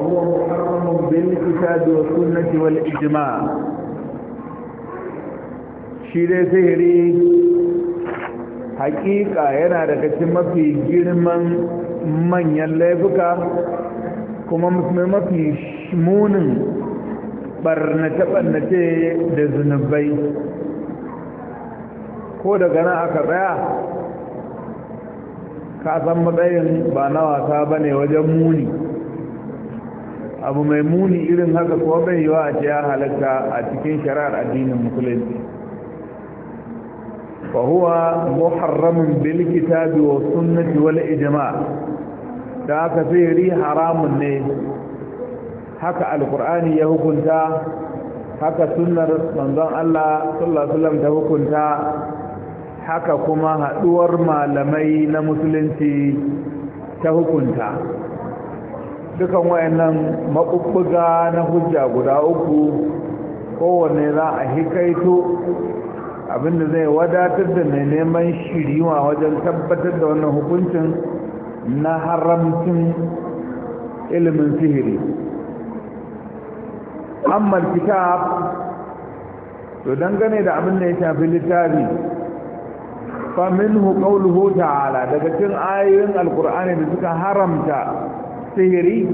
هو محرم بالكتاب والسنة والإجماع shi dai sihiri hakika yana da cikin mafi girman manyan laifuka kuma mafi munin barnace-barnace da zunubai ko daga nan aka tsaya ka san matsayin ba na wasa ba ne wajen muni abu mai muni irin haka kuwa bai yiwa a ya halatta a cikin shari'ar addinin musulunci fa huwa muharramun bil kitabi wa sunnati wal ijma' da aka sai haramun ne haka alkur'ani ya hukunta haka sunnar manzon Allah sallallahu alaihi wasallam ta hukunta haka kuma haduwar malamai na musulunci ta hukunta dukan wayannan maɓuɓɓuga na hujja guda uku kowanne za a hikaito abinda zai wadatar da mai neman shiriwa wajen tabbatar da wannan hukuncin na haramcin ilimin sihiri amma kitab to dangane da abin da ya shafi littafi faminhu qawluhu ta'ala daga cikin ayoyin alqur'ani da suka haramta sihiri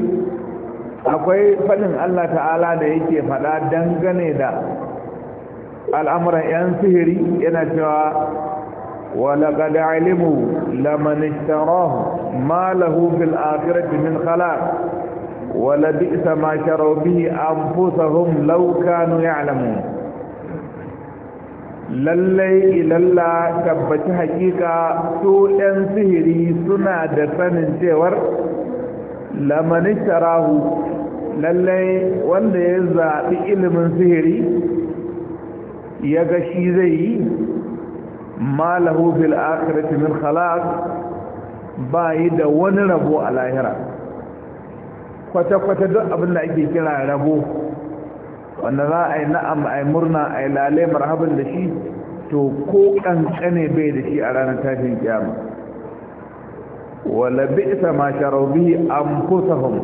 akwai faɗin Allah ta'ala da yake fada dangane da al'amuran 'yan sihiri yana cewa walaƙad alimu lamanishtarahu ma lahu fil akhirati min khalaq wala bi'sa ma an bihi anfusahum law kanu ya'lamun lallai ilalla tabbaci hakika su 'yan sihiri suna da sanin cewar tarahu, lallai wanda ya zaɓi ilimin sihiri ya ga shi zai yi ma lahu fil akhirati min khalaq ba yi da wani rabo a lahira kwata-kwata duk abin da ake kira rabo wanda za a yi na'am a yi murna a yi lalai marhaban da shi to ko ƙanƙane bai da shi a ranar tashin kiyama wala bi'sa ma sharaw bihi anfusahum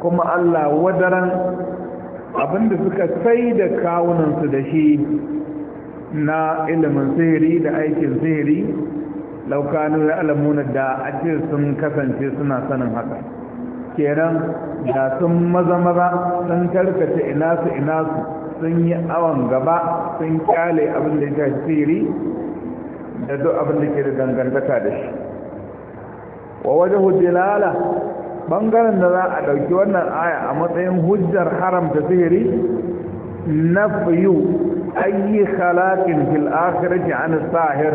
kuma Allah wadaran abinda suka sai da kawunansu da shi na ilimin sihiri da aikin sihiri laukanu ya alamuna da a sun kasance suna sanin haka kenan da sun maza maza sun karkace ina su ina su sun yi awon gaba sun kyale abin da ya sihiri da duk abin da ke da dangantaka da shi wa wajahu dilala bangaren da za a ɗauki wannan aya a matsayin hujjar haramta sihiri nafyu ayi khalaqin fil akhirati an sahir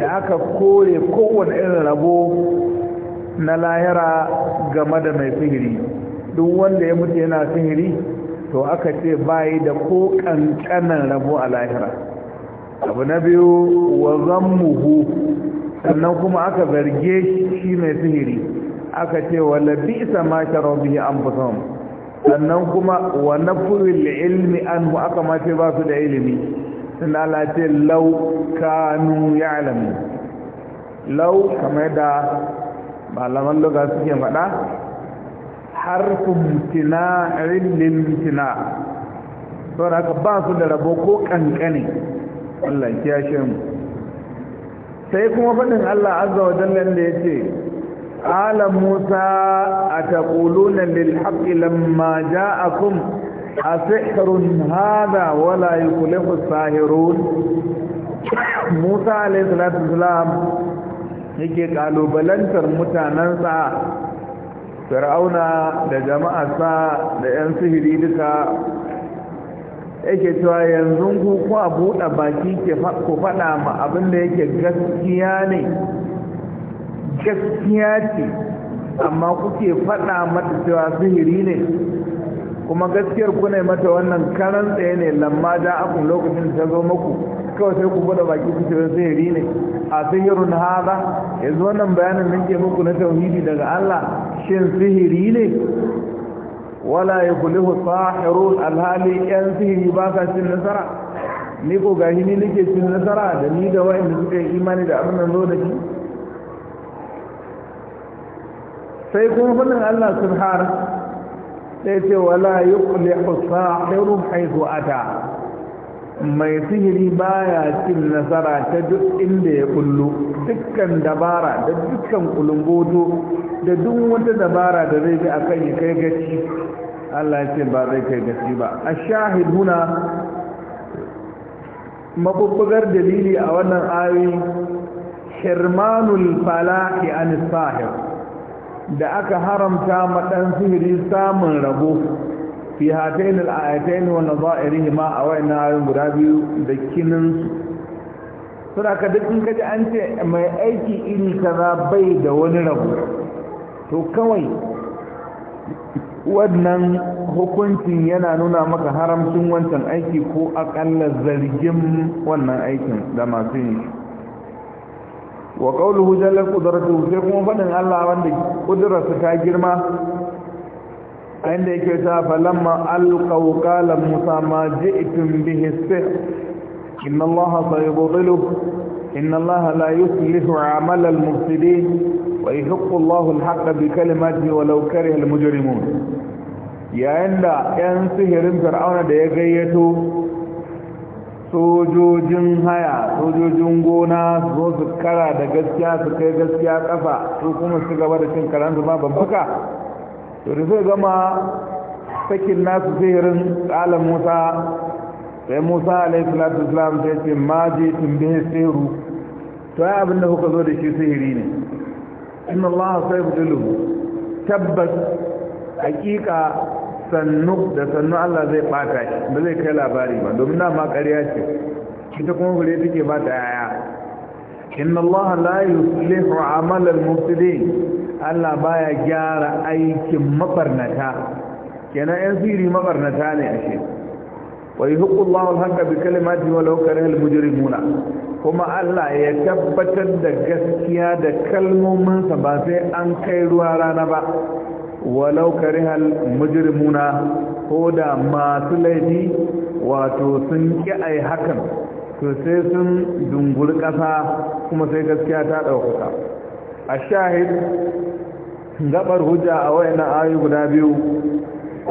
da aka kore kowane irin rabo na lahira game da mai sihiri duk wanda ya mutu yana sihiri to aka ce bayi da ko kankanan rabo a lahira abu na biyu wa zammuhu sannan kuma aka zarge shi mai sihiri aka ce wala bi'sa ma sharaw bihi anfusahum sannan kuma wa nafrul ilmi anhu aka ma ce ba su da ilimi Sannan Allah ce law kanu ya'lamu law kamar da malaman lugha suke faɗa harfun mtina rillin mtina saboda aka ba su da rabo ko kankane Allah ya mu sai kuma faɗin Allah azza wa jalla da ya ce ala musa a taƙuluna lilhaƙi lamma ja'akum a sihirun hada wala yi sahirun musa alaihi salatu salam yake ƙalubalantar mutanensa fir'auna da jama'arsa da 'yan sihiri duka yake cewa yanzu ku kwa buɗe baki ku faɗa ma abin da yake gaskiya ne gaskiya ce amma kuke faɗa mata cewa sihiri ne kuma gaskiyar ku ne mata wannan karan tsaye ne lamma da akun lokacin ta zo muku kawai sai ku buɗe baki ku cewa sihiri ne a sihirun haza yanzu wannan bayanin nake muku na tauhidi daga Allah shin sihiri ne wala ya kulihu sahirun alhali yan sihiri ba cin nasara ni ko gashi ni nake cin nasara da ni da wa'anda suka yi imani da abin nan zo da shi sai kuma fadin Allah har? sai ce wala yuqlihu sahirun haythu ata mai sihiri baya cin nasara ta duk inda ya kullu dukkan dabara da dukkan kulungoto da duk wata dabara da zai bi akan ya kai gaci Allah ya ce ba zai kai gaci ba a shahid huna mabubbugar dalili a wannan ayoyi shirmanul falahi an da aka haramta ma sihiri samun rabo fi hatayn al-ayatayn wa nadha'irihima a wayannan ayoyin guda biyu da kinin sura ka duk in kaji an ce mai aiki iri kaza bai da wani rabo to kawai wannan hukuncin yana nuna maka haramcin wancan aiki ko akalla zargin wannan aikin da masu yin wa qawluhu jalla qudratuhu sai kuma faɗin Allah wanda kudrarsa ta girma inda yake ta falamma alqaw qala musa ma ji'tum bihi sihr inna allaha sayubdiluhu inna allaha la yuslihu amala al ويحق الله الحق بكلماته ولو كره المجرمون yayin da 'yan sihirin fir'auna da ya gayyato sojojin haya sojojin gona zo su kara da gaskiya su kai gaskiya kafa su kuma su gaba da cin karansu ma babbaka to da zai gama sakin nasu sihirin ƙalan musa sai musa alaihi alaihissalatu islam sai ce ma je tun bihin sihiru to ya abinda kuka zo da shi sihiri ne inna Allah sai budulu tabbas hakika sannu da sannu Allah zai bata shi ba zai kai labari ba domin dama ƙarya ce ita kuma gure take ba ta yaya inna Allah la yuslihu amal al-mufsidin Allah baya gyara aikin mabarnata kenan yan siri mabarnata ne ashe ويحق الله الحق بكلماته ولو كره المجرمون kuma Allah ya tabbatar da gaskiya da kalmominsa ba sai an kai ruwa rana ba walau karihal mujrimuna ko da masu laifi wato sun ki ai hakan to sai sun dunguri ƙasa kuma sai gaskiya ta ɗaukaka a shahid gabar hujja a wayan ayu guda biyu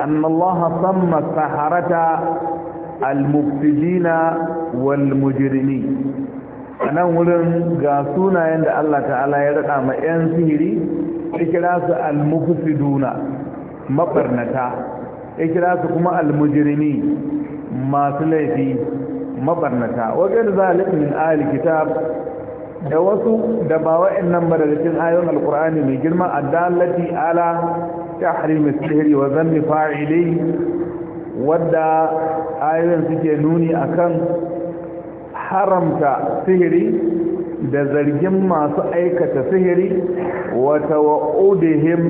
annallaha samma saharata al-mufsidina wal mujrimin anan wurin ga sunayen da Allah ta'ala ya rada ma yan sihiri ikira su al-mufsiduna mabarnata ikira su kuma al-mujrimi masu laifi mabarnata wajen zalik min ahli kitab da wasu da ba wa'annan ba daga cikin alqur'ani mai girma addallati ala tahrim as-sihri wa dhanni fa'ili wadda ayoyin suke nuni akan haramta sihiri da zargin masu aikata sihiri wata wa'udihim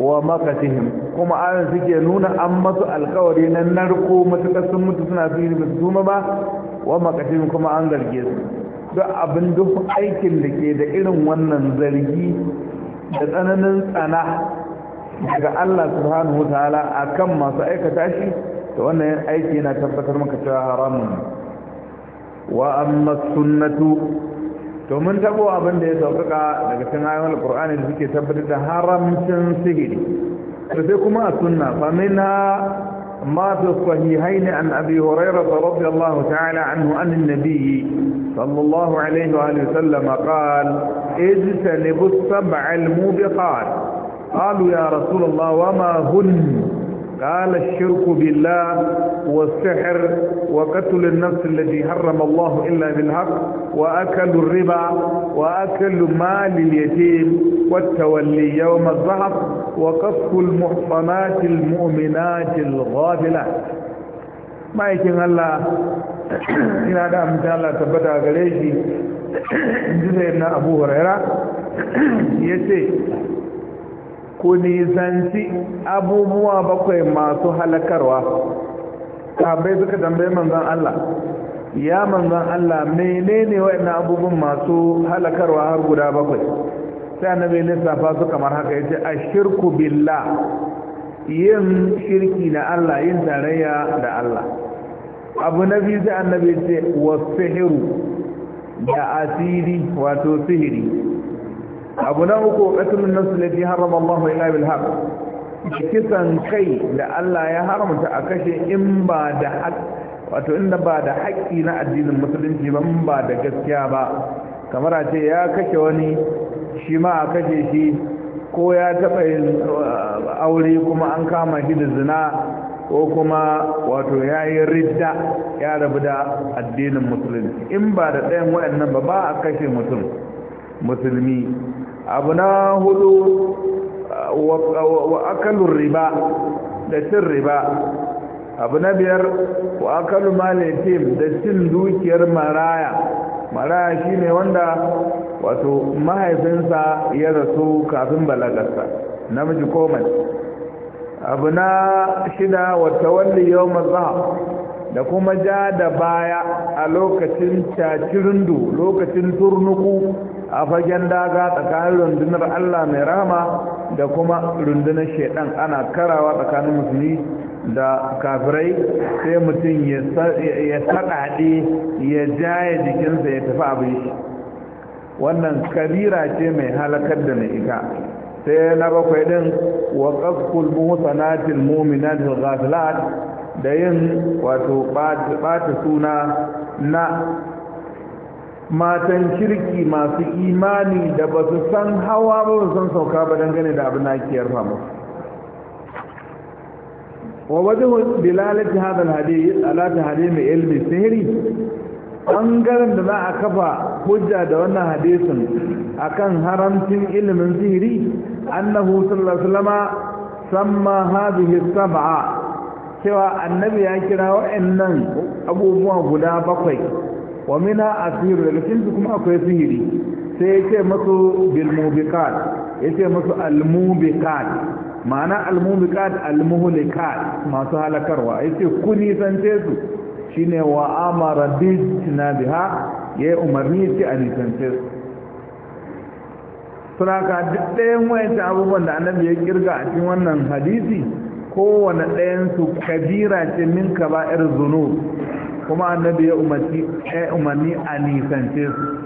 wa makatihim kuma ayoyin suke nuna an masu alkawari na narko matuƙar sun mutu suna sihiri ba su ba wa makatihim kuma an zarge su duk abin duk aikin da ke da irin wannan zargi da tsananin tsana daga Allah subhanahu wataala akan masu aikata shi to wannan aiki yana tabbatar maka cewa haramun wa amma sunnatu to mun tabo abin da ya sauƙaƙa daga cikin ayoyin alqur'ani da suke tabbatar da haramcin sihiri to sai kuma a sunna fa minha ما في الصحيحين an abi hurairah رضي ta'ala anhu an أن sallallahu alaihi wa عليه وآله وسلم قال اجتنبوا السبع الموبقات قالوا يا رسول الله وما هن قال الشرك بالله والسحر وقتل النفس الذي حرم الله إلا بالحق وأكل الربا وأكل مال اليتيم والتولي يوم الظهر وقف المحصنات المؤمنات الغافلات ما يكن الله إن هذا أمتى الله تبدأ قليشي جزء أبو هريرة يسي ku nisanci abubuwa bakwai masu halakarwa sahabbai suka tambaye manzan Allah ya manzan Allah menene waɗannan abubuwan masu halakarwa har guda bakwai sai annabi lissafa su kamar haka yace ashirku billah yin shirki da Allah yin tarayya da Allah abu na biyu sai annabi ya ce wasihiru da asiri wato sihiri abu na uku nasu nafs lati Allah Allahu illa bil kisan kai da Allah ya haramta a kashe in ba da haq wato inda ba da haƙƙi na addinin musulunci ba ba da gaskiya ba kamar a ce ya kashe wani shi ma a kashe shi ko ya taɓa yin uh, aure kuma an kama shi da zina ko kuma wato ya yi ridda ya rabu da addinin musulunci in ba da ɗayan waɗannan ba ba a kashe musulmi abu na hudu wa akalun riba da cin riba abu na biyar wa akalun malitim da cin dukiyar maraya maraya shi ne wanda wato mahaifinsa ya rasu kafin balagarsa namiji ko abu na shida wa tawalli yau zahab da kuma ja da baya a lokacin cacirindu lokacin turnuku a fagen daga tsakanin rundunar Allah mai rahama da kuma rundunar shaidan ana karawa tsakanin musulmi da kafirai sai mutum ya saɗaɗe ya jaye jikinsa ya tafi abu shi wannan kabira ce mai halakar da mai ita sai na bakwai ɗin wa qafful muhsanatil mu'minatil ghafilat da yin wato bata suna na matan kirki masu imani da ba su san hawa ba su san sauka ba dangane da abin ba famu wa wajen dilalati hadal hadi alata hadi mai ilmi sihiri ɓangaren da za a kafa hujja da wannan hadisin kan haramcin ilimin sihiri annahu sallallahu alaihi samma hadhihi sab'a cewa annabi ya kira wa'annan abubuwa guda bakwai wa mina asiru daga cikin kuma akwai sihiri sai yace masu bilmubiqat yace masu almubiqat ma'ana almubiqat almuhlikat masu halakarwa yace ku nisance su shine wa amara bijna biha yayi umarni ce a nisance su ka duk ɗayan wayanci abubuwan da annabi ya kirga a cikin wannan hadisi kowane ɗayansu kabira ce min ba'ir zunub kuma annabi ya umarni a nisance su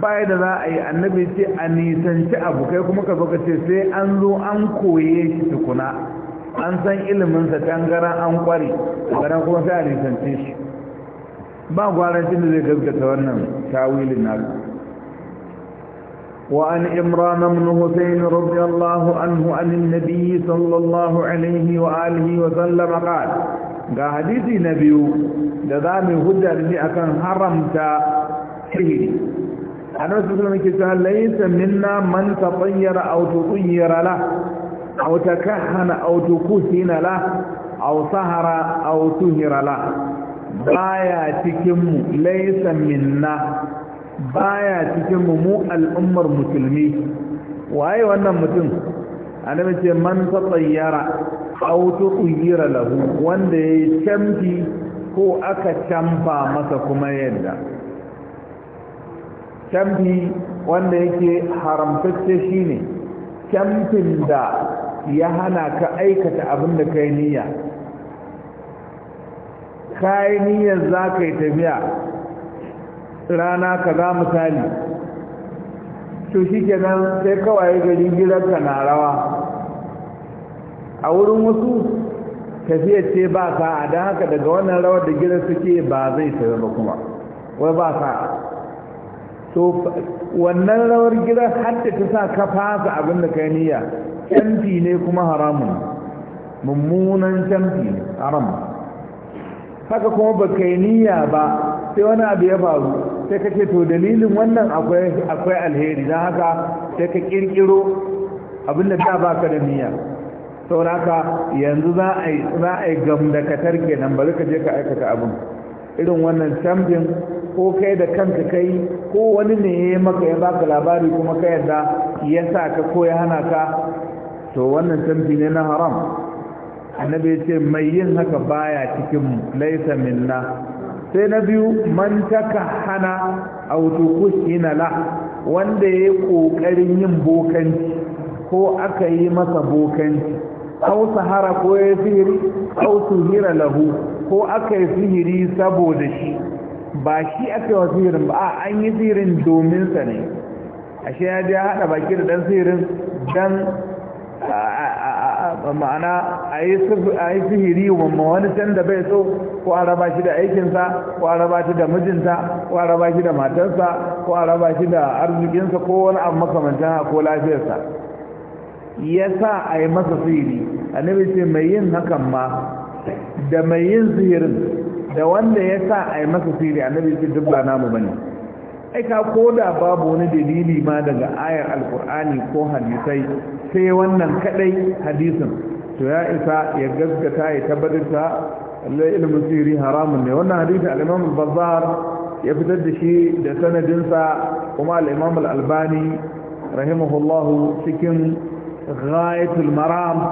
baya da za a yi annabi ce a nisanci abu kai kuma ka zo ce sai an zo an koye shi tukuna an san iliminsa tangaran an kware garan kuma sai a nisance shi ba gwarancin da zai gaskata wannan tawilin nasu وعن إمران بن حسين رضي الله عنه عن النبي صلى الله عليه وآله وسلم قال ga hadisi na biyu da za mu hujja da ni akan haramta sihiri annabi sallallahu alaihi wasallam ke cewa minna man tatayyara aw tutayyara la aw takahana aw tukuhina la aw sahara aw tuhira la baya cikin mu laysa minna baya cikin mu mu al'ummar musulmi waye wannan mutum annabi ce man tatayyara auto ƙuyira lahu wanda ya yi camfi ko aka camfa masa kuma yadda camfi wanda yake haramtacce shi ne camfin da ya hana ka aikata abin da ka yi niyya ka yi niyyar za ka yi tafiya rana ka za misali to shi kenan sai kawai gari gidanka na rawa a wurin wasu tafiya ce ba sa'a don haka daga wannan rawar da gidan suke ba zai tafi ba kuma wai ba sa'a so wannan rawar gidan hatta ta sa ka fasa abin da kai niyya canfi ne kuma haramun mummunan canfi haram haka kuma ba kai niyya ba sai wani abu ya faru sai ka ce to dalilin wannan akwai alheri don haka sai ka kirkiro abinda ta baka da niyya sauraka yanzu za a yi za a yi gamdakatar kenan ba ka je ka aikata abin irin wannan camfin ko kai da kanka kai ko wani ne ya yi maka ya baka labari kuma ka yadda ya sa ka ko ya hana ka to wannan camfi ne na haram annabi ce mai yin haka baya cikin laisa minna sai na biyu man taka hana a autokushina la wanda ya yi ƙoƙarin yin bokanci ko aka yi masa bokanci aw sahara ko ya sihiri aw suhira lahu ko aka yi sihiri saboda shi ba shi aka yi wa sihirin ba a an yi sihirin domin sa ne ashe ya je haɗa baki da ɗan sihirin dan ma'ana a yi sihiri wa wani can da bai so ko a raba shi da aikinsa ko a raba shi da mijinta ko a raba shi da matarsa ko a raba shi da arzikinsa ko wani abu makamantan ko lafiyarsa ya sa a yi masa sihiri annabi ce mai yin hakan ma da mai yin sihirin da wanda ya sa a yi masa sihiri annabi ce duk ba namu bane aika ko da babu wani dalili ma daga ayar alkur'ani ko hadisai sai wannan kadai hadisin to ya isa ya gaskata ya tabbatarta ta lallai ilimin sihiri haramun ne wannan hadisi al'imam bazar ya fitar da shi da sanadinsa kuma al'imam al'albani albani rahimahullahu cikin غاية المرام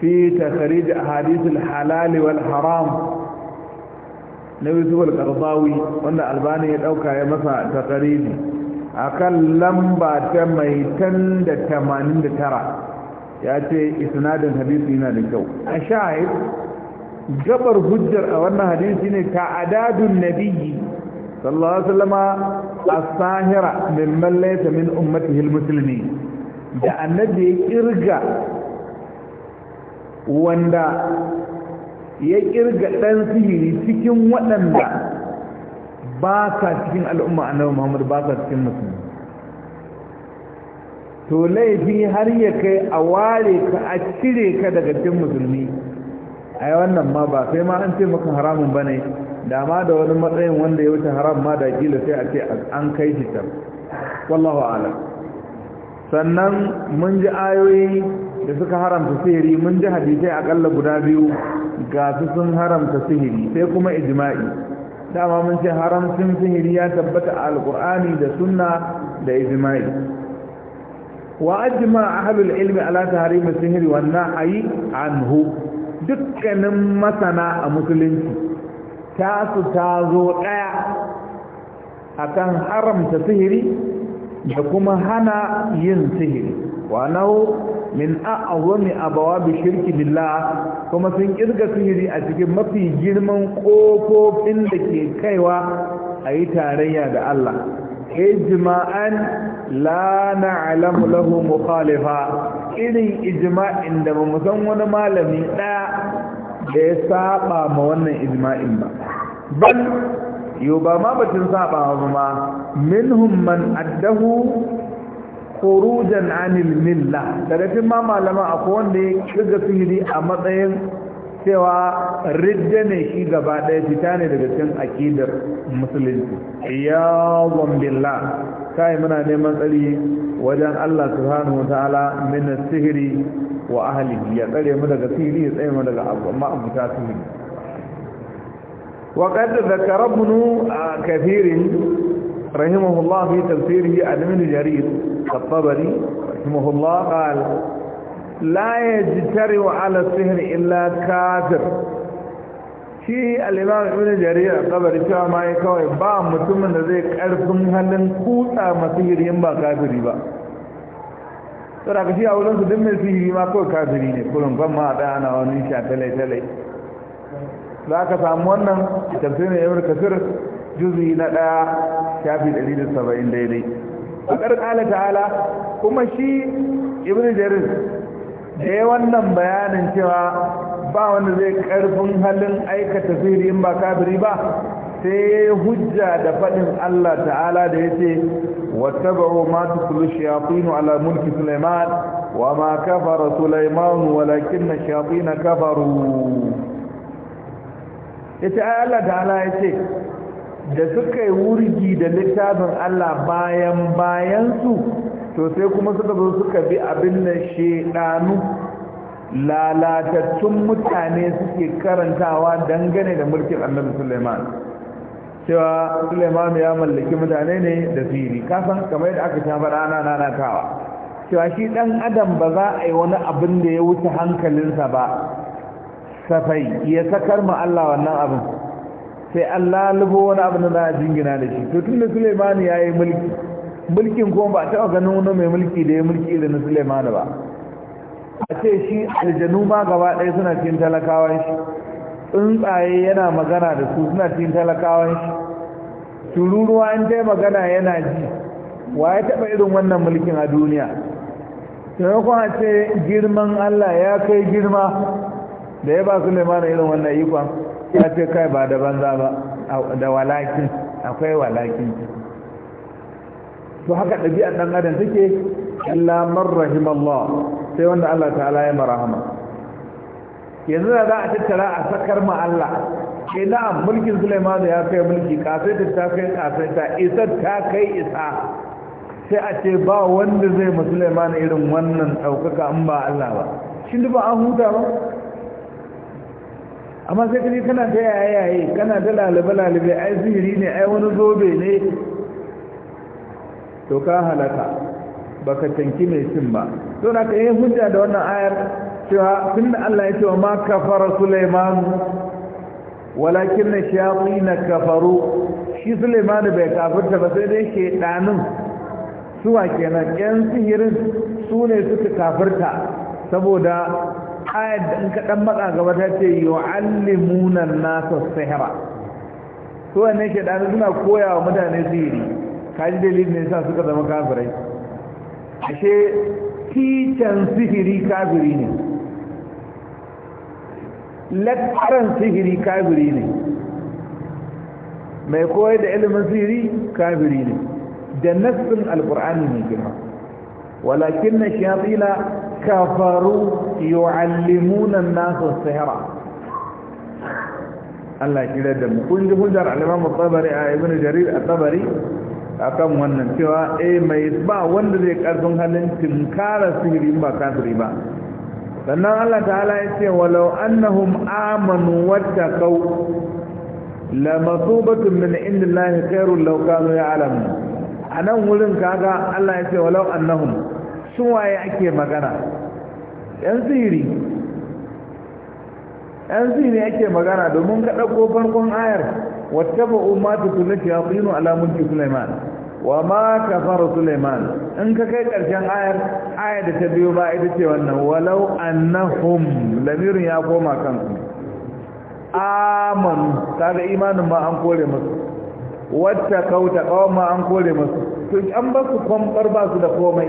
في تخريج أحاديث الحلال والحرام نبي سوى القرضاوي وأن الألباني الأوكا يمسى تقريب أقل لمبا تميتن دا تمانين دا ترى يأتي إسناد الحديثين لكو أشاهد جبر هجر أولنا حديثين كعداد النبي صلى الله عليه وسلم الصاهرة من من ليس من أمته المسلمين da annabi ya kirga wanda ya kirga ɗan sihiri cikin waɗanda ba sa cikin al'umma annabi muhammadu ba sa cikin musulmi to laifi har ya kai a ware ka a cire ka daga cikin musulmi ai wannan ma ba sai ma an ce maka haramun bane da ma da wani matsayin wanda ya wuce haram ma da kila sai a ce an kai shi can wallahu a'lam sannan mun ji ayoyi da suka haramta sihiri mun ji hadisai akalla guda biyu ga su sun haramta sihiri sai kuma ijma'i dama mun ce haramcin sihiri ya tabbata a alkur'ani da sunna da ijma'i wa ajma ahlul ilmi ala tahrim sihiri wa nahyi anhu dukkanin masana a musulunci tasu ta zo daya akan haramta sihiri da kuma hana yin sihiri wa nau min a'azami abawabi shirki billah kuma sun kirga sihiri a cikin mafi girman kofofin da ke kaiwa a yi tarayya da Allah ijma'an la na'lamu lahu mukhalifa irin ijma'in da ba mu san wani malami daya da ya saba ma wannan ijma'in ba bal yo ba ma batun saba ba ma minhum man addahu khurujan anil milla daga cikin ma malama akwai wanda ya kiga sihiri a matsayin cewa ridda ne shi gaba ɗaya fita ne daga cikin akidar musulunci ya billah kai muna neman tsari wajen Allah subhanahu wataala min sihiri wa ahlihi ya tsare mu daga sihiri ya tsaye mu daga abu amma abuta sihiri وقد ذكر ابن كثير رحمه الله في تفسيره عن ابن جرير الطبري رحمه الله قال لا يجترئ على السهر إلا كافر shi al'imam ibn jarir a kabari cewa ma kawai ba mutumin da zai karfin halin kutsa masu hirin ba kafiri ba tsara ka shi a wurinsu duk mai sihiri ma kawai kafiri ne kurin kwan ma a ɗaya ana wani sha talai-talai za ka samu wannan tafsirin ibn kasir juzi na ɗaya shafi 170 daidai faɗar ƙala ta'ala kuma shi ibn jarir da ya wannan bayanin cewa ba wanda zai ƙarfin halin aikata sihiri in ba kafiri ba sai ya yi hujja da faɗin Allah ta'ala da ya ce wata ba'o ma shafinu ala mulki suleiman wa ma kafara suleiman walakin na shafi na kafaru ya ce da Allah ya ce da suka yi wurgi da littafin Allah bayan bayansu to sai kuma suka zo suka bi abin da shedanu lalatattun mutane suke karantawa dangane da mulkin annabi suleiman cewa suleiman ya mallaki mutane ne da fili kasan kamar yadda aka shafa rana nanatawa cewa shi dan adam ba za a yi wani abin da ya wuce hankalinsa ba safai ya sakar ma Allah wannan abin sai Allah lubo wani abin da ya jingina da shi to tunda Suleimani ya yi mulki mulkin kuma ba a taɓa ganin wani mai mulki da ya mulki irin na ba a ce shi aljanu ma gaba ɗaya suna cin talakawan shi tsuntsaye yana magana da su suna cikin talakawan shi tururuwa in dai magana yana ji wa ya taɓa irin wannan mulkin a duniya taimakon a ce girman Allah ya kai girma da ya ba su limana irin wannan ikon ya ce kai ba da banza ba da walaki akwai walaki to haka ɗabi'ar ɗan adam take illa man rahimallah sai wanda Allah ta'ala ya marahama yanzu da za a tattara a sakar ma Allah ke eh, na'am mulkin Sulaiman ya kai mulki kasai ta kai kasai ta isa ta kai isa sai a ce ba wanda zai ma Suleiman irin wannan ɗaukaka in ba Allah ba shi ba an huta ba amma sai kaje kana ta yayaye kana da lalabe lalabe ai sihiri ne ai wani zobe ne to ka halaka baka tanki mai cin ba to na yi hujja da wannan ayar cewa da Allah ya ce wa ma kafara Sulaiman walakin na kafaru shi Sulaiman bai kafirta ba sai dai shedanin suwa kenan yan sihirin su ne suka kafirta saboda ayar da in ka dan baka gaba ta ce yu'allimuna an-nasa sihra to ne ke da suna koyawa mutane sihiri kaji dalilin ne sa suka zama kafirai ashe titan sihiri kafiri ne lakaran sihiri kafiri ne mai koyar da ilimin sihiri kafiri ne da nassin alkur'ani mai girma walakin na kafaru yu'allimuna an-nasa sihra Allah kira da mu kun ji hujjar al-Imam Tabari a Ibn Jarir at-Tabari akan wannan cewa eh mai ba wanda zai karfin halin tinkara sihiri ba kafiri ba sannan Allah ta'ala ya ce walau annahum amanu la lamasubatun min indillahi khairul law kanu ya'lamun anan wurin kaga Allah ya ce walau annahum sun waye ake magana yan sihiri yan ziri ake magana domin ka ɗauko farkon ayar wata ba'u ma tutula shafinu ala mulki suleiman wa ma kafara suleiman in ka kai ƙarshen ayar ayar da ta biyo ba ita ce wannan walau annahum lamirin ya koma kansu amanu kaga imanin ma an kore musu wata kauta kawon ma an kore musu to an ba su kwambar ba su da komai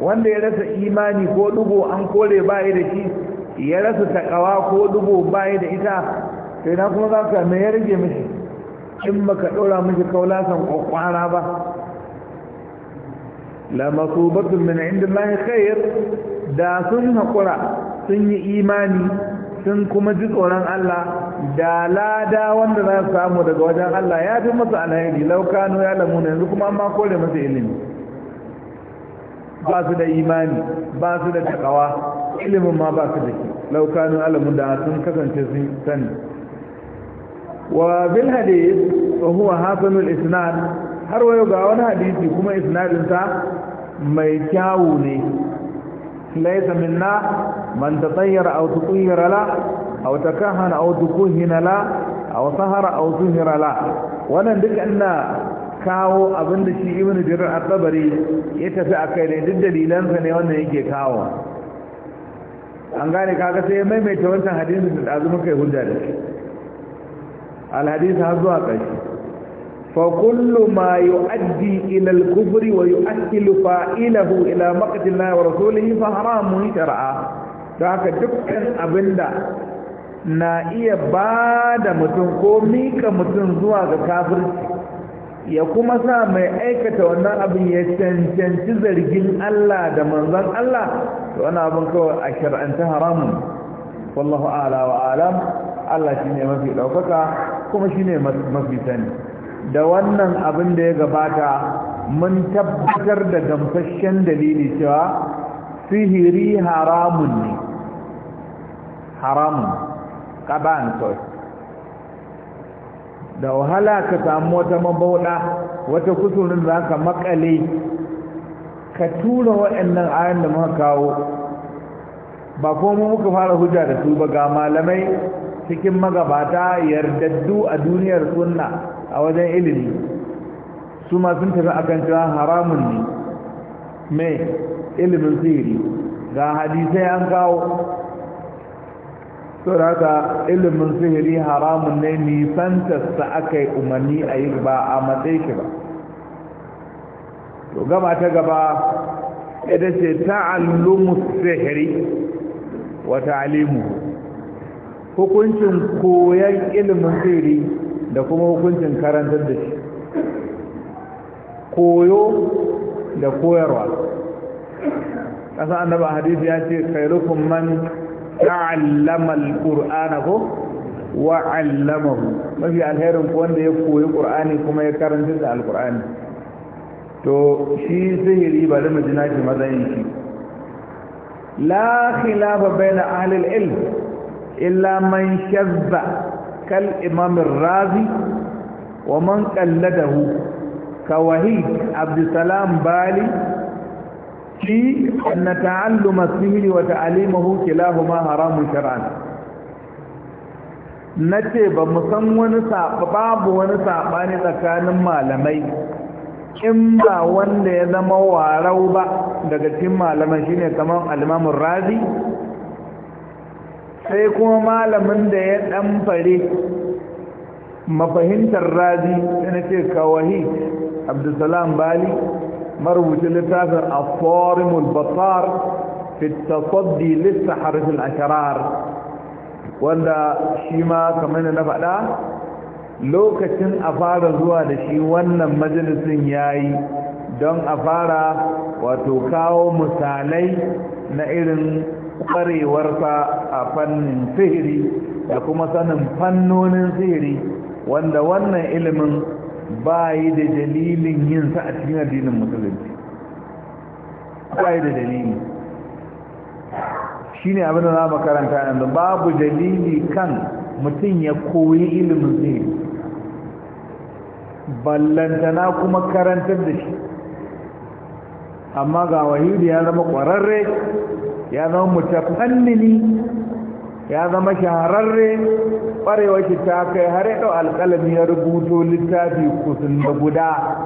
wanda ya rasa imani ko dubo an kore baya da shi ya rasa takawa ko dubo baya da ita sai na kuma za ka mai rage mishi in baka dora mishi kaulasan kwakwara ba la masubatun min indillahi khair da sun haƙura sun yi imani sun kuma ji tsoron Allah da lada wanda za su samu daga wajen Allah ya fi masa alheri laukano ya lamuna yanzu kuma ma kore masa ilimi ba su da imani ba su da takawa ilimin ma ba su da ke laukanu alamun da sun kasance sun sani wa bil hadith wa huwa hasanul isnad har wayo ga wani hadisi kuma isnadin sa mai kyawu ne laysa minna man tatayyara aw tuqayyara la aw takahana aw tukuhina la aw sahara aw zuhira la wannan duk ina kawo abin da shi ibn jirar al-tabari ya tafi a kai ne duk dalilansa ne wannan yake kawo an gane kaga sai ya maimaita wancan hadisin da ɗazu muka yi hujja da shi alhadisi har zuwa ƙarshe fa kullu ma yu'addi ila al-kufri wa yu'akkilu fa'ilahu ila maqtillahi wa rasulihi fa haramun shar'a don haka dukkan abinda na iya ba da mutum ko mika mutum zuwa ga kafirci ya kuma sa mai aikata wannan abin ya cancanci zargin Allah da manzan Allah to wannan abin kawai a shar'anta haramun wallahu ala wa alam Allah shi ne mafi daukaka kuma shi ne mafi sani da wannan abin da ya gabata mun tabbatar da gamsashen dalili cewa sihiri haramun ne haramun kaban kawai da wahala ka samu wata mabauɗa wata kusurin za ka makale ka tura waɗannan ayan da muka kawo ba kuma muka fara hujja da su ba ga malamai cikin magabata yardaddu a duniyar sunna a wajen ilimi su ma sun tafi akan cewa haramun ne mai ilimin sihiri ga hadisai an kawo saboda haka ilimin sihiri haramun ne nisantarsa aka yi umarni a yi ba a matsayi shi ba to gama ta gaba ita ce ta'allumu sihiri wa ta'alimu hukuncin koyon ilimin sihiri da kuma hukuncin karantar da shi koyo da koyarwa ƙasa annaba hadisi ya ce khairukum man ta'allama alqur'ana ko wa 'allamahu mafi alherin ko wanda ya koyi qur'ani kuma ya karanta da alqur'ani to shi sihiri bari mu jina shi matsayin shi la khilafa baina ahli al-ilm illa man shazza kal imam ar-razi wa man qalladahu ka wahid bali shi na ta'alluma sihiri wa ta'alimahu kilahuma haramun shar'an nace ba mu san wani babu wani sabani tsakanin malamai in ba wanda ya zama warau ba daga cikin malaman shine kamar al Razi sai kuma malamin da ya dan fare mafahimtar Razi sai nace kawahi Abdulsalam Bali marubucin littafin asorimul basar fitasaddi lissa harfin asharar wanda shi ma kamar na faɗa lokacin a fara zuwa da shi wannan majalisun ya yi don a fara wato kawo misalai na irin ƙwarewarsa a fannin sihiri da kuma sanin fannonin sihiri wanda wannan ilimin ba yi da dalilin yin sa a cikin addinin musulunci ba yi da dalili shi ne abin da za mu karanta yanzu babu dalili kan mutum ya koyi ilimin zai ballantana kuma karantar da shi amma ga wahidi ya zama kwararre ya zama mutafannini ya zama shahararre ƙwarewa shi ta kai har yadda alƙalami ya rubuto littafi kusan da guda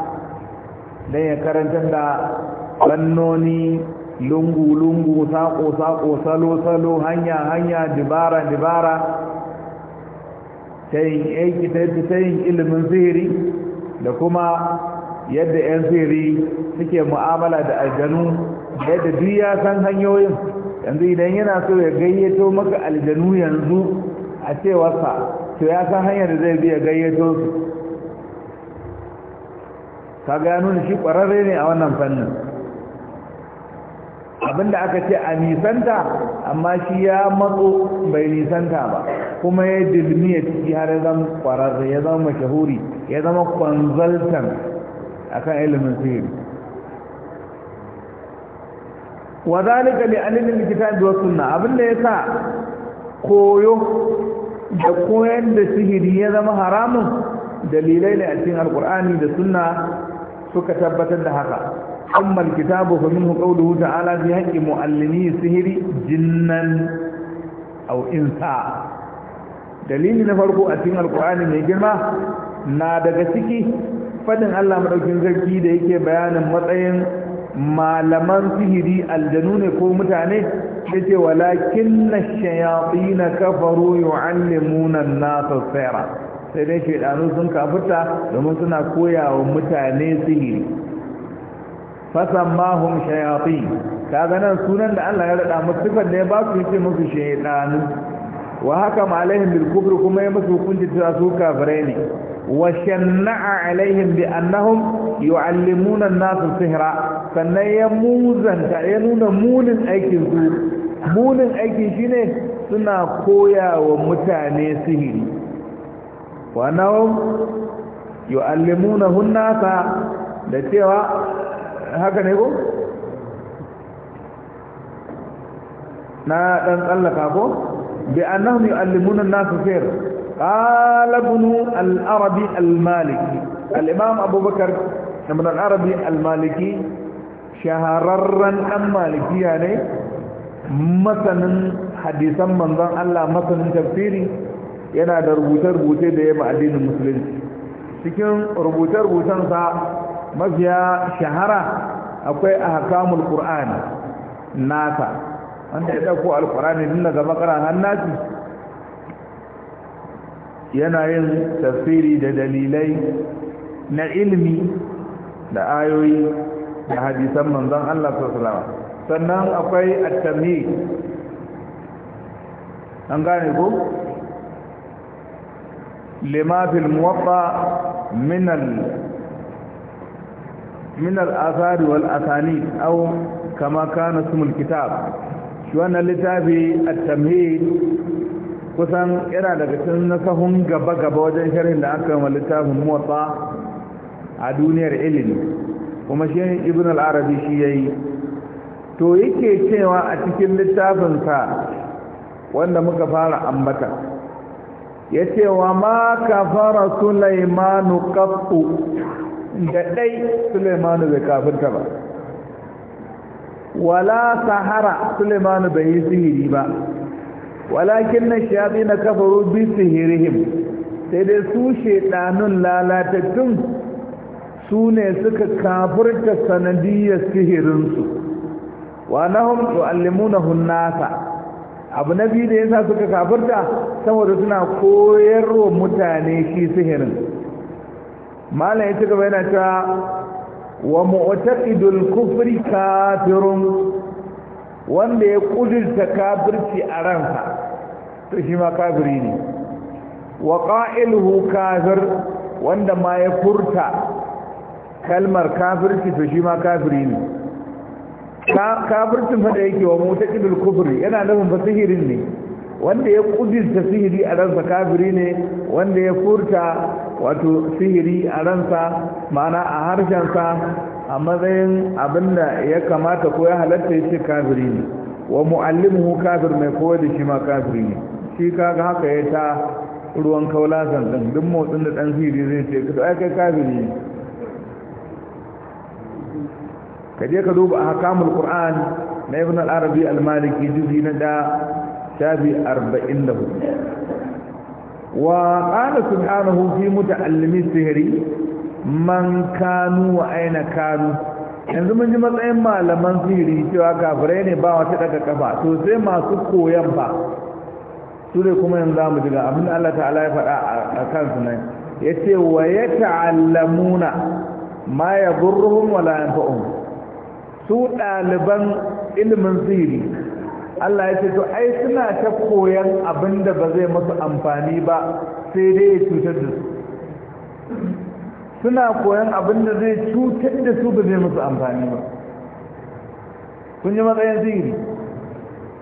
don ya karanta da fannoni lungu-lungu saƙo-saƙo salo-salo hanya-hanya dibara-dibara ta yin aiki ta yin ilimin sihiri da kuma yadda 'yan sihiri suke mu'amala da aljanu yadda duk ya san hanyoyin yanzu idan yana so ya gayyato maka aljanu yanzu a cewarsa to ya san hanyar da zai biya gayyato su ka gano da shi kwararre ne a wannan fannin abinda aka ce a nisanta amma shi ya matso bai nisanta ba kuma ya dilmi ya ciki har ya zama ƙwararre ya zama mashahuri ya zama kwanzaltan akan ilimin sihiri wa zalika li alimin kitabi wa sunna abinda yasa koyo da koyar da sihiri ya zama haramun dalilai ne a cikin alqur'ani da sunna suka tabbatar da haka amma alkitabu fa minhu qawluhu ta'ala fi haqqi muallimi sihiri jinnan aw insa dalili na farko a cikin alqur'ani mai girma na daga ciki fadin Allah madaukin zarki da yake bayanin matsayin malaman sihiri aljanu ne ko mutane ya ce walakin na shayafi na kafaru yu'allimunan nasa tsera sai dai shaidanu sun kafuta domin suna koya wa mutane sihiri fasammahum shayafi kaga nan sunan da Allah ya rada musu sifar da ya ba su yace musu shaidanu wa haka ma bil kufr kuma ya musu hukunci su kafirai ne وشنع عليهم بأنهم يعلمون الناس السهرة sannan ya muzanta ya nuna munin aikin su munin aikin shi ne suna koya wa mutane sihiri wannan yu'allimuna hunnasa da cewa haka ne ko na dan tsallaka ko bi annahum yu'allimuna an-nasa sihir قال ابن العربي المالكي الإمام أبو بكر ابن العربي المالكي شهررا أم مالكي يعني مثلا حديثا من ظن الله مثلا تفسيري yana da rubuce-rubuce da ya addinin musulunci cikin rubuce-rubucensa mafiya shahara akwai a hakamul ƙur'ani nasa wanda ya ɗauko alƙur'ani tun daga makaran hannasi yana yin tafsiri da dalilai na ilmi da ayoyi da hadisan manzon Allah sallallahu sannan akwai at-tamyiz an gane ko lima fil muwatta min al min al-athar wal asanid aw kama kana ismul kitab shi wannan littafi at-tamyiz kusan yana daga cikin nasahun gaba-gaba wajen sharhin da aka yi littafin motsa a duniyar ilimi kuma shi ibn al-arabi shi yayi to yake cewa a cikin littafinsa wanda muka fara ambata ya ce wa ma kafara sulaimanu kafu da ɗai sulaimanu bai kafinta ba wala sahara sulaimanu bai yi sihiri ba walakin na shaɗi na kafaru bi sihirihim sai dai su shaɗanun lalatattun su ne suka kafurta sanadiyar sihirinsu wa na nahum allimuna hunnasa abu na biyu da yasa suka kafurta saboda suna koyarwa mutane shi sihirin malam ya ci gaba yana cewa wa mu'taqidul kufri kafirun wanda ya kudurta kafirci a ransa to shi ma kafiri ne wa qa'iluhu kafir wanda ma ya furta kalmar kafirci to shi ma kafiri ne kafircin fa yake wa mutaqidul kufri yana nufin ba sihirin ne wanda ya kudurta sihiri a ransa kafiri ne wanda ya furta wato sihiri a ransa ma'ana a harshensa a matsayin da ya kamata ko ya halatta ya ce kafiri ne wa mu'allimuhu kafir mai koyar da shi ma kafiri ne shi kaga haka ya ta ruwan kaula zanzan duk motsin da ɗan siri zai ce ka ai kai kafiri ne ka je ka duba hakamul qur'an na ibn al-arabi al-maliki juzi na da shafi hudu wa ƙana subhanahu fi muta'allimi sihiri man kanu wa aina kanu yanzu mun ji matsayin malaman zihiri cewa kafirai ne ba wata daga kafa to sai masu koyan ba su dai kuma yanzu za mu jiga abin Allah ta'ala ya faɗa a kansu nan ya ce wa ya ta'allamuna ma ya burruhun wala yanfa'un su ɗaliban ilimin zihiri. Allah ya ce to ai suna ta koyan abinda da ba zai masu amfani ba sai dai ya cutar da su suna koyon abin da zai cutar da su ba zai musu amfani ba kun ji matsayin sihiri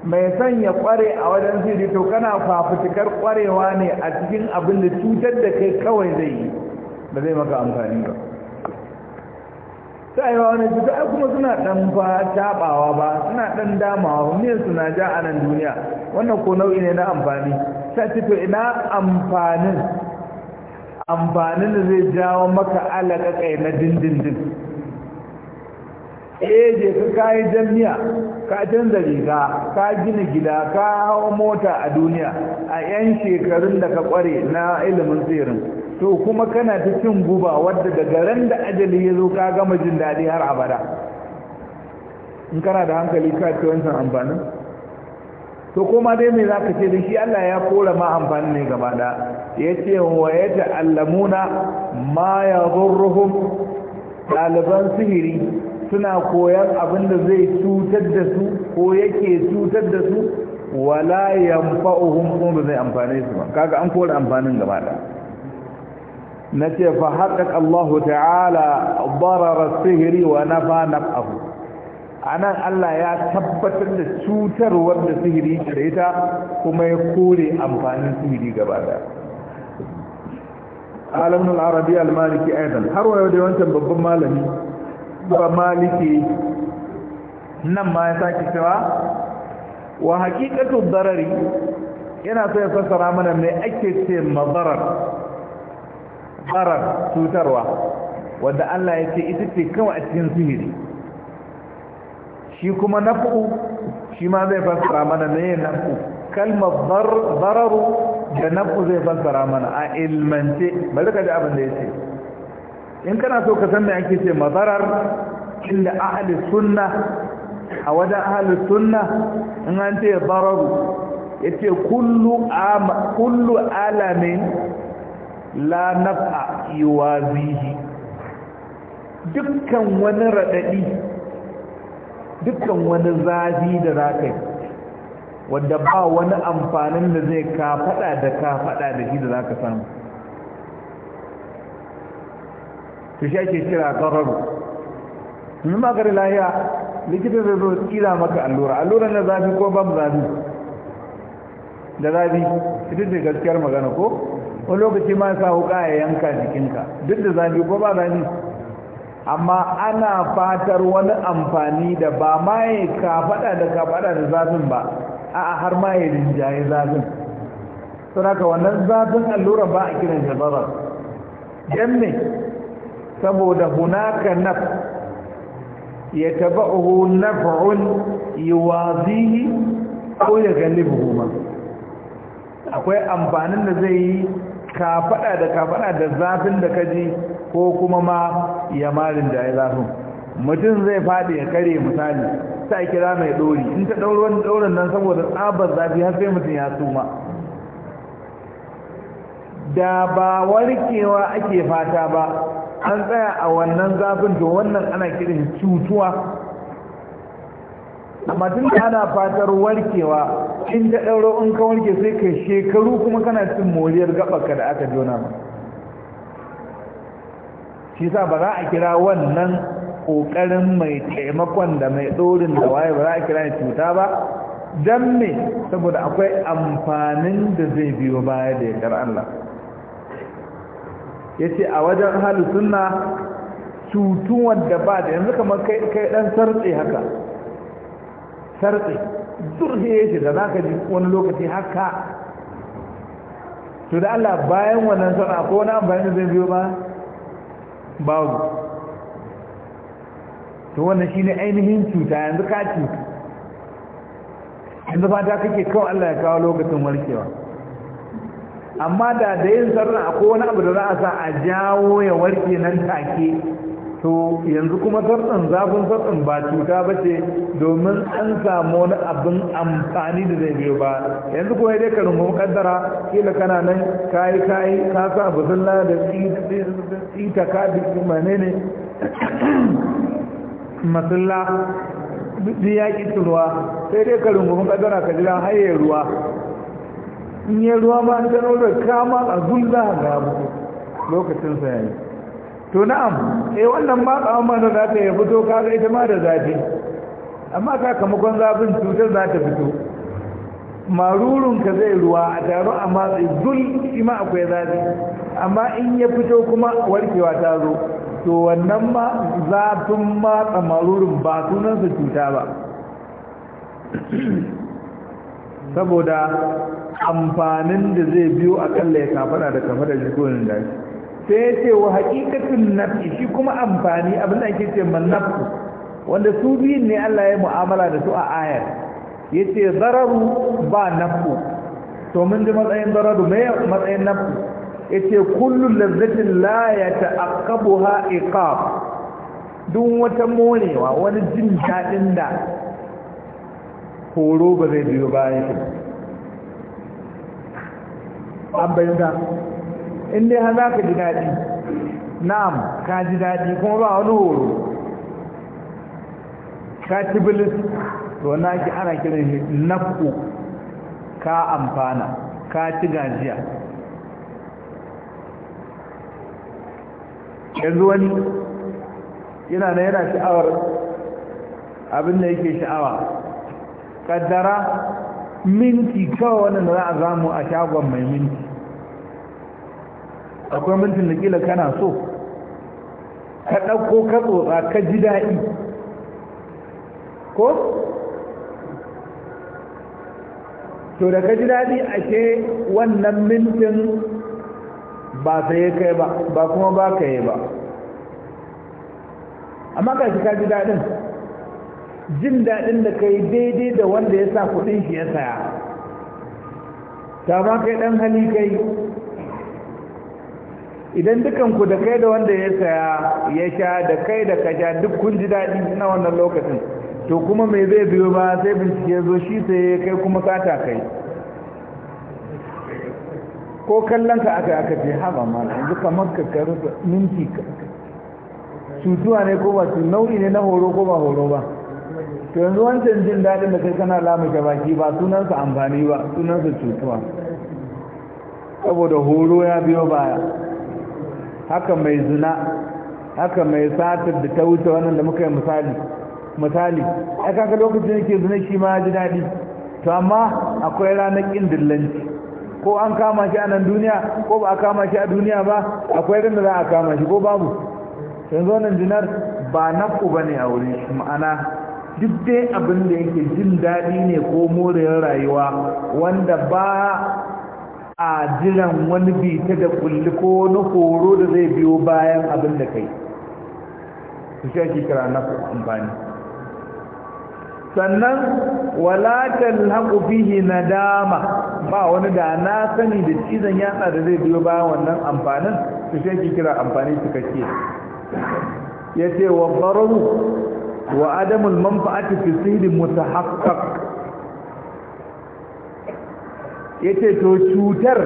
mai son ya kware a wajen sihiri to kana fafutukar kwarewa ne a cikin abin da cutar da kai kawai zai yi ba zai maka amfani ba ta yi wani cuta kuma suna dan ba tabawa ba suna dan damawa ne suna ja a nan duniya wannan ko nau'i ne na amfani ta ce to ina amfanin amfanin da zai jawo maka alaka kai na dindindin eh je ka kayi jamiya ka canza riga ka gina gida ka hawa mota a duniya a 'yan shekarun da ka kware na ilimin tsirin to kuma kana ta cin guba wadda daga ran da ajali ya zo ka gama jin daɗi har abada in kana da hankali ka ci wancan amfanin to kuma dai me zaka ce da shi Allah ya kora ma amfani ne gaba da ce wa ta'allamuna ma ɗaliban sihiri suna koyan abin da zai cutar da su ko yake cutar da su wala yanfa'uhum kuma ba zai amfani su ba kaga an kora amfanin gaba da nace fa haqqaqa Allahu ta'ala barara sihiri wa nafa naf'ahu a nan allah ya tabbatar da cutarwar da sihiri ke da ita kuma ya kore amfanin sihiri gaba daya alamun al'arabi al-maliki aidan har wayo da wancan babban malami ba maliki nan ma ya sake cewa wa hakikatun darari yana so ya fassara mana mai ake ce madarar darar cutarwa wanda Allah ya ce ita ce kawai a cikin sihiri shi kuma naf'u shi ma zai fassara mana ne naf'u kalmar bararu da naf'u zai fassara mana a ilmance bari ka ji abin da ya ce in kana so ka san me ake ce mazarar inda ahli sunna a wajen ahli sunna in an ce bararu ya ce kullu alamin la naf'a yiwazihi dukkan wani raɗaɗi dukkan wani zafi da za ka yi wadda ba wani amfanin da zai ka fada da ka fada da shi da za ka samu su shi ake kira ƙararru mai magarin lahiya likita zai zo tsira maka allura allura na zafi ko bam zafi da zafi ita ce gaskiyar magana ko wani lokaci ma sa huka ya yanka jikinka duk da zafi ko ba zafi amma ana fatar wani amfani da ba ma ya kafaɗa da kafaɗa da zafin ba a har ma ya rinjaye zafin sun haka wannan zafin allura ba a kiran shi babar Yan ne saboda hunaka naf ya taba uhu naf'un yi ko ya galibu ma akwai amfanin da zai yi kafada da kafada da zafin da ka ji ko kuma ma ya marin da ya zafin mutum zai faɗi ya kare misali ta kira mai ɗori in ta ɗaurin ɗaurin nan saboda tsabar zafi har sai mutum ya suma da ba warkewa ake fata ba an tsaya a wannan zafin to wannan ana kiran cutuwa amma tun da ana fatar warkewa in ta ɗauro in ka warke sai ka shekaru kuma kana cin moriyar gaɓaka da aka jona ba shi sa ba za a kira wannan ƙoƙarin mai taimakon da mai ɗorin da waye ba za a kira cuta ba don me saboda akwai amfanin da zai biyo baya da yakar Allah ya ce a wajen halittun na cutuwar da ba da yanzu kamar kai ɗan sarce haka duk sai ya da za ka ji wani lokaci haka to da Allah bayan wannan sana ko wani amfani da zai biyo ba babu to wannan shi ne ainihin cuta yanzu ka cuta yanzu fata kake kawai Allah ya kawo lokacin warkewa amma da da yin sarra ko wani abu da za a sa a jawo ya warke nan take to yanzu kuma zartsan zafin zartsan ba cuta ba ce domin an samu wani abin amfani da zai biyo ba yanzu kuma dai ka rungu kaddara kila kana nan kayi kayi ka sa buzulla da tsita ka bi mane ne masulla duk ya ki ruwa sai dai ka rungu kaddara ka jira haye ruwa in yi ruwa ba an gano da kama a gulla ga lokacin sa yayi to na'am eh wannan ma amma da ta ya fito ga ita ma da zafi amma sakamakon zafin cutar za ta fito ka zai ruwa a taro a matsayi zul ima akwai zafi amma in ya fito kuma warkewa ta zo to wannan ma zafin matsa marurin ba sunansa cuta ba saboda amfanin da zai biyo akalla ya kafada da kafada shi ko da shi sai ya ce wa haƙiƙatun nafi shi kuma amfani abin ake ce man nafi wanda su biyun ne Allah ya mu'amala da su a ayar ya ce zararu ba nafi to mun ji matsayin zararu mai matsayin nafi ya ce kullum lazzatin la ya ta'aqqabu ha iqab duk wata monewa wani jin daɗin da horo ba zai biyo bayan shi in dai har za ka ji daɗi na'am ka ji daɗi kuma ba wani horo ka ci bilis to na ki ana kiran shi nafku ka amfana ka ci gajiya yanzu wani yana da yana sha'awar abin da yake sha'awa kaddara minti kawai wannan da za a zamu a shagon mai minti akwai mintin da kila kana so ka ɗauko ka tsotsa ka ji daɗi ko to da ka ji daɗi ake wannan mintin ba sai kai ba ba kuma ba ka yi ba amma ka shi ka ji daɗin jin daɗin da ka yi daidai da wanda ya sa kuɗin shi ya saya ta ma kai ɗan hali kai idan dukanku da kai da wanda ya saya ya sha da kai da kaja duk kun ji daɗi na wannan lokacin to kuma mai zai biyo ba sai bincike zo shi sai kai kuma sata kai ko kallon ka aka aka ce haɓa mala yanzu kamar ka karu minti cutuwa ne ko ba su nau'i ne na horo ko ba horo ba to yanzu wancan jin daɗin da kai kana lamushe baki ba sunansa amfani ba sunansa cutuwa saboda horo ya biyo baya haka mai zina haka mai satar da ta wuce wannan da muka yi misali misali ai kaga lokacin yake zina shi ma ji daɗi to amma akwai ranar ƙin ko an kama shi a nan duniya ko ba a kama shi a duniya ba akwai ran da za a kama shi ko babu yanzu wannan jinar ba naku ba ne a wurin shi ma'ana duk dai abin da yake jin daɗi ne ko morewar rayuwa wanda ba a jiran wani bita da kulli ko wani horo da zai biyo bayan abin da kai su shi ake kira na amfani sannan walatan haƙu na dama ba wani da na sani da cizon yatsa da zai biyo bayan wannan amfanin su shi ake kira amfani cikakke ya ce wa bararu wa adamul manfa'ati fi sirri mutahaqqaq ya ce to cutar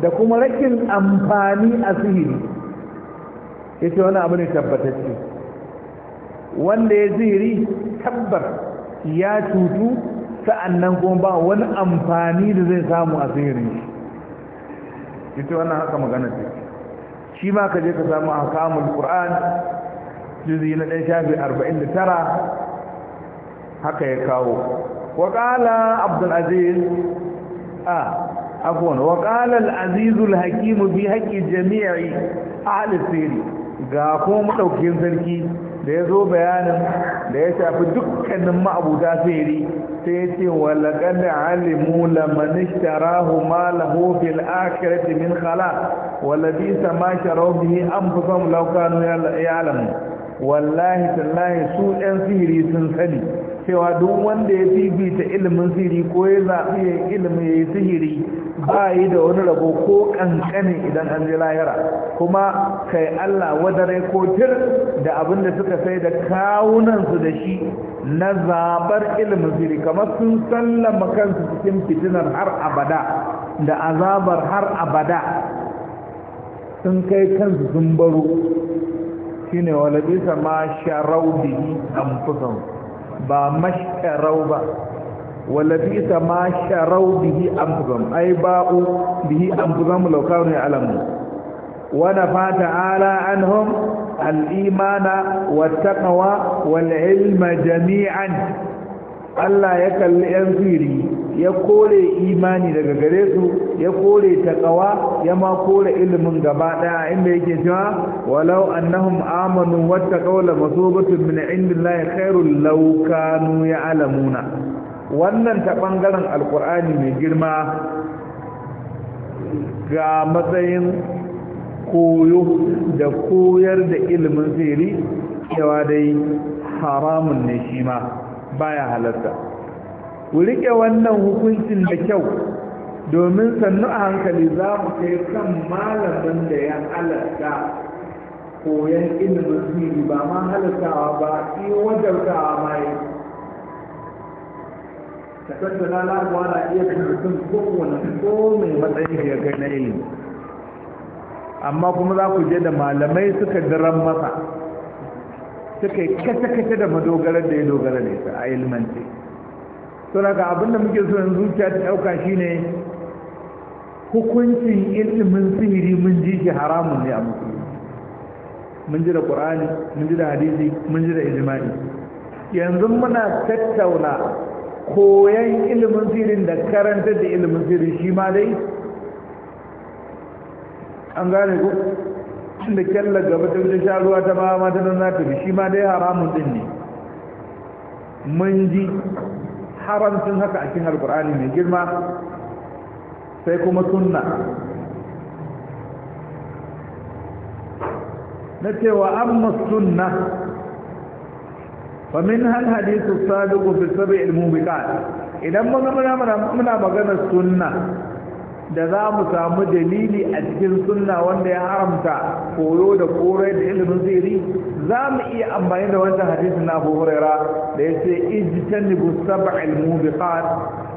da kuma rakin amfani a sihiri ya ce wani abu ne tabbatacce wanda ya zihiri tabbar ya cutu sa'annan kuma ba wani amfani da zai samu a sihiri shi ya ce wannan haka magana ce shi ma ka je ka samu a kamun ƙur'an juzi na ɗan shafi 49 haka ya kawo waƙala abdulaziz a afwan wa azizul hakimu bi haqqi jami'i ahli sirri ga ko maɗaukin sarki da zo bayanin da ya shafi dukkanin ma'abuta sirri sai ya ce wa laqad alimu laman ishtarahu ma lahu fil min khala, wa labisa ma sharaw bihi anfusahum law wallahi tallahi su ɗan sihiri sun sani cewa duk wanda ya fifita ilimin sihiri ko ya zaɓi ya ilimin ya yi sihiri ba yi da wani rabo ko ƙanƙanin idan an ji layara kuma kai allah wadare ko tir da abin da suka sai da kawunansu da shi na zaɓar ilimin sihiri kamar sun sallama kansu cikin fitinar har abada da azabar har abada sun kai kansu sun baro shine walabi ma sharau bihi anfusahum ba masharau ba wallafi isa ma sharau bihi amfuzam ai ba'u bihi amfuzam laukar ne alamu wana fata ala hom, al'imana wattaqwa wal ilma jami'an Allah ya kalli yan firi ya kore imani daga gare su ya kore ta ƙawa, ya ma kore ilimin gaba daya inda yake cewa walau annahum amanu wattaqaw la masubatun min indillahi khairul law kanu ya'lamuna wannan ta bangaren alqur'ani mai girma ga matsayin koyo da koyar da ilimin sirri cewa dai haramun ne shi ma baya halatta ku riƙe wannan hukuncin da kyau domin sannu a hankali za mu kai kan malamin da ya halatta koyon ilimin sirri ba ma halattawa ba iya wajartawa ma yi ta tattala larabawa na iya mutum kowane ko mai matsayin da ya kai na ilimi amma kuma za ku je da malamai suka daren masa suka yi kace-kace da madogarar da ya dogara da ita a ilmance saboda abinda muke so yanzu zuciya ta ɗauka shine hukuncin ilimin sihiri mun ji shi haramun ne a musulmi mun ji da ƙur'ani mun ji da hadisi mun ji da ijma'i yanzu muna tattauna koyan ilimin sihirin da karantar da ilimin sihirin shi ma dai an gane ku da kyallar gaba ta wuce sha ruwa ta ma mata don na shi ma dai haramun din ne mun ji haramcin haka a cikin alkur'ani mai girma sai kuma sunna na cewa amma sunna fa min hal hadithu sabiqu fi sab'i al-mubiqat idan muna muna magana sunna da za mu samu dalili a cikin sunna wanda ya haramta koyo da korai da ilimin ziri za mu iya amfani da wancan hadisi na abu da ya ce ijtani bu sab'al mubiqat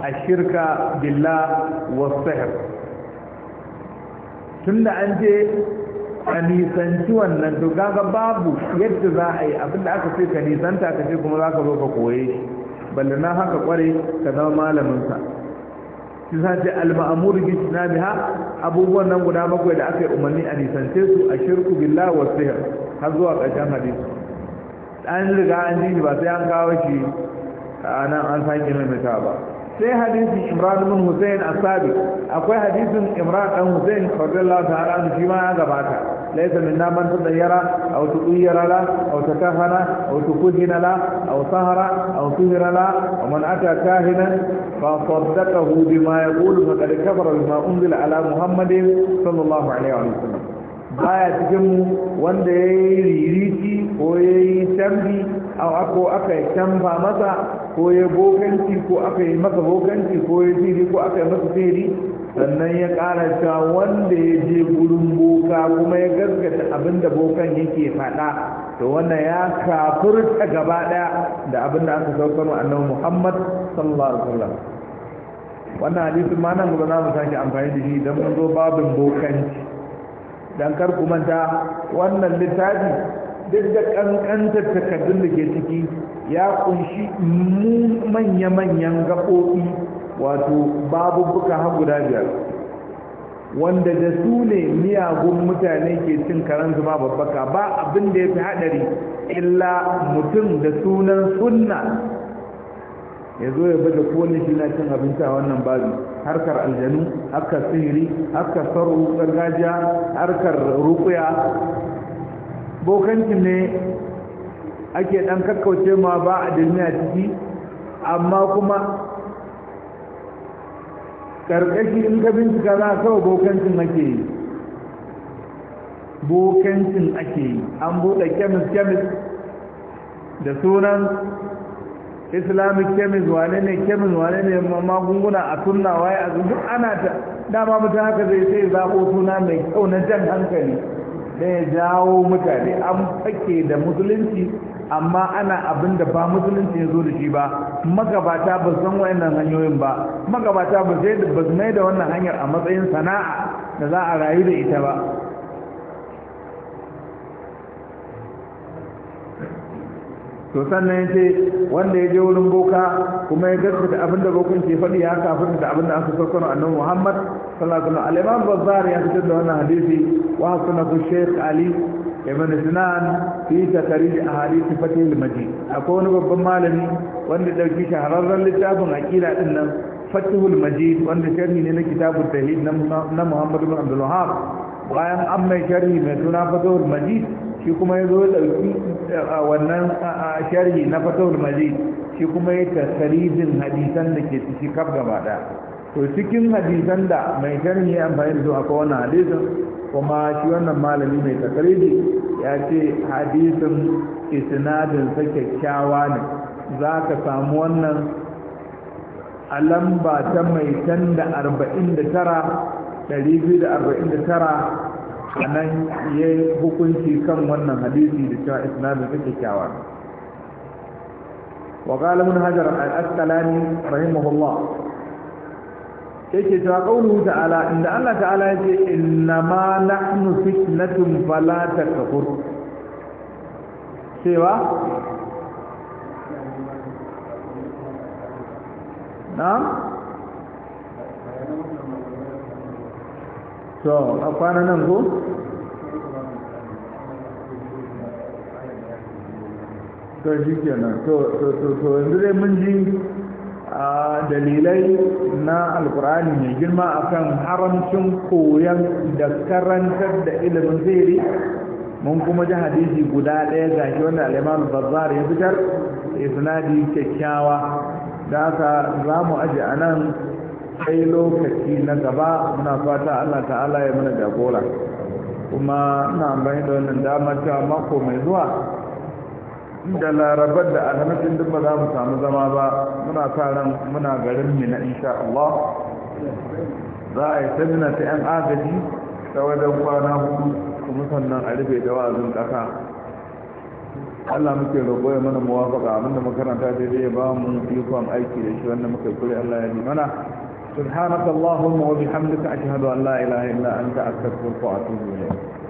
ashirka billah was Tun tunda an je a nisanci wannan to kaga babu yadda za a yi abinda aka ce ka nisanta ka ce kuma za ka zo ka koye shi balle na haka kware ka zama malamin sa shi za ta al-ma'amur bi abubuwan nan guda bakwai da aka yi umarni a nisance su a shirku billah wa sihr har zuwa ƙarshen hadisi an riga an ji ba sai an kawo shi a nan an sake maimaita ba sai hadisin imran bin husayn asabi akwai hadisin imran dan husayn radiyallahu ta'ala shi ma ya gabata ليس منا من تطير أو تطير له أو تكهن أو تكهن له أو سهر أو سهر له ومن أتى كاهنا فصدقه بما يقول فقد كفر بما أنزل على محمد صلى الله عليه وسلم baya cikin wanda ya ririti ko ya yi tambi ko aka tamba masa ko ya bokanci ko aka yi masa bokanci ko ya ko aka yi masa sannan ya ƙara cewa wanda ya je gurin boka kuma ya gaskata abin da bokan yake faɗa to wannan ya kafurta gaba ɗaya da abin da aka saukar wa annabi muhammad sallallahu alaihi wasallam wannan hadisin ma nan gaba za mu sake amfani da shi idan mun zo babin bokanci dan kar ku manta wannan littafi duk da kankantar takardun da ke ciki ya kunshi manya-manyan gaɓoɓi wato babubuka har guda biyar wanda da su ne miyagun mutane ke cin karan ma babbaka ba abin da ya fi haɗari illa mutum da sunan sunna ya zo ya bada kowane shi na cin abinci a wannan babu harkar aljanu harkar sihiri harkar sarru gargajiya harkar rukuya bokanci ne ake ɗan kakkauce ma ba a duniya ciki amma kuma karkashi in ka bincika za a kawo bokancin ake yi bokancin ake yi an buɗe kemis kemis da sunan islamic kemis wane ne kemis wane ne magunguna a tunna, waye a duk ana ta dama mutu haka zai sai zaɓo suna mai kyau na jan hankali da ya jawo mutane an fake da musulunci amma ana abin da ba musulunci ya zo da shi ba magabata ba san wayannan hanyoyin ba magabata ba zai da bazmai da wannan hanyar a matsayin sana'a da za a rayu da ita ba to sannan ya wanda ya je wurin boka kuma ya gaskata abin da bokun ke faɗi ya kafin da abin da aka sassano annan Muhammad sallallahu alaihi wa sallam ya fitar da wannan hadisi wa sunan Sheikh Ali ibn sinan fi takarir ahadith fatih majid akwai wani babban malami wanda dauki shahararren littafin aqila din nan fatih majid wanda sharhi ne na kitabul tahid na muhammad ibn abdul wahhab bayan an mai sharhi mai suna fatih majid shi kuma ya zo dauki wannan sharhi na fatih majid shi kuma ya takarijin hadisan da ke ciki kaf gaba daya to cikin hadisan da mai sharhi ya amfani da akwai wannan hadisin kuma shi wannan malami mai takaridi ya ce hadisin isnadin sa kyakkyawa ne za ka samu wannan a lamba ta mai can da arba'in da a nan ya yi hukunci kan wannan hadisi da cewa isnadin sa kyakkyawa ne وقال من هجر الأسقلاني رحمه الله yake cewa ƙaunuhu ta'ala inda Allah ta'ala ya ce inna ma nahnu fitnatun fala takfur cewa na so a kwana nan ko to shi kenan to to to yanzu dai mun ji dalilai na alkur'ani mai girma akan haramcin koyon da karantar da ilimin zairi mun kuma ji hadisi guda ɗaya zaki shi wanda al'imam bazar ya fitar isnadi kyakkyawa da aka za mu aji a nan sai lokaci na gaba muna fata allah ta'ala ya mana jagora kuma na amfani da wannan damar cewa mako mai zuwa da larabar da alhamisin duk ba za mu samu zama ba muna ran muna garin mina insha Allah za a yi samina ta 'yan agaji ta wajen kwana hudu kuma sannan a rufe da wa'azin ƙasa Allah muke roƙo ya mana muwafaka abinda makaranta daidai ya ba mu ikon aiki da shi wanda muka kuri Allah ya mana subhanaka allahumma wa bihamdika ashhadu an la ilaha illa anta astaghfiruka wa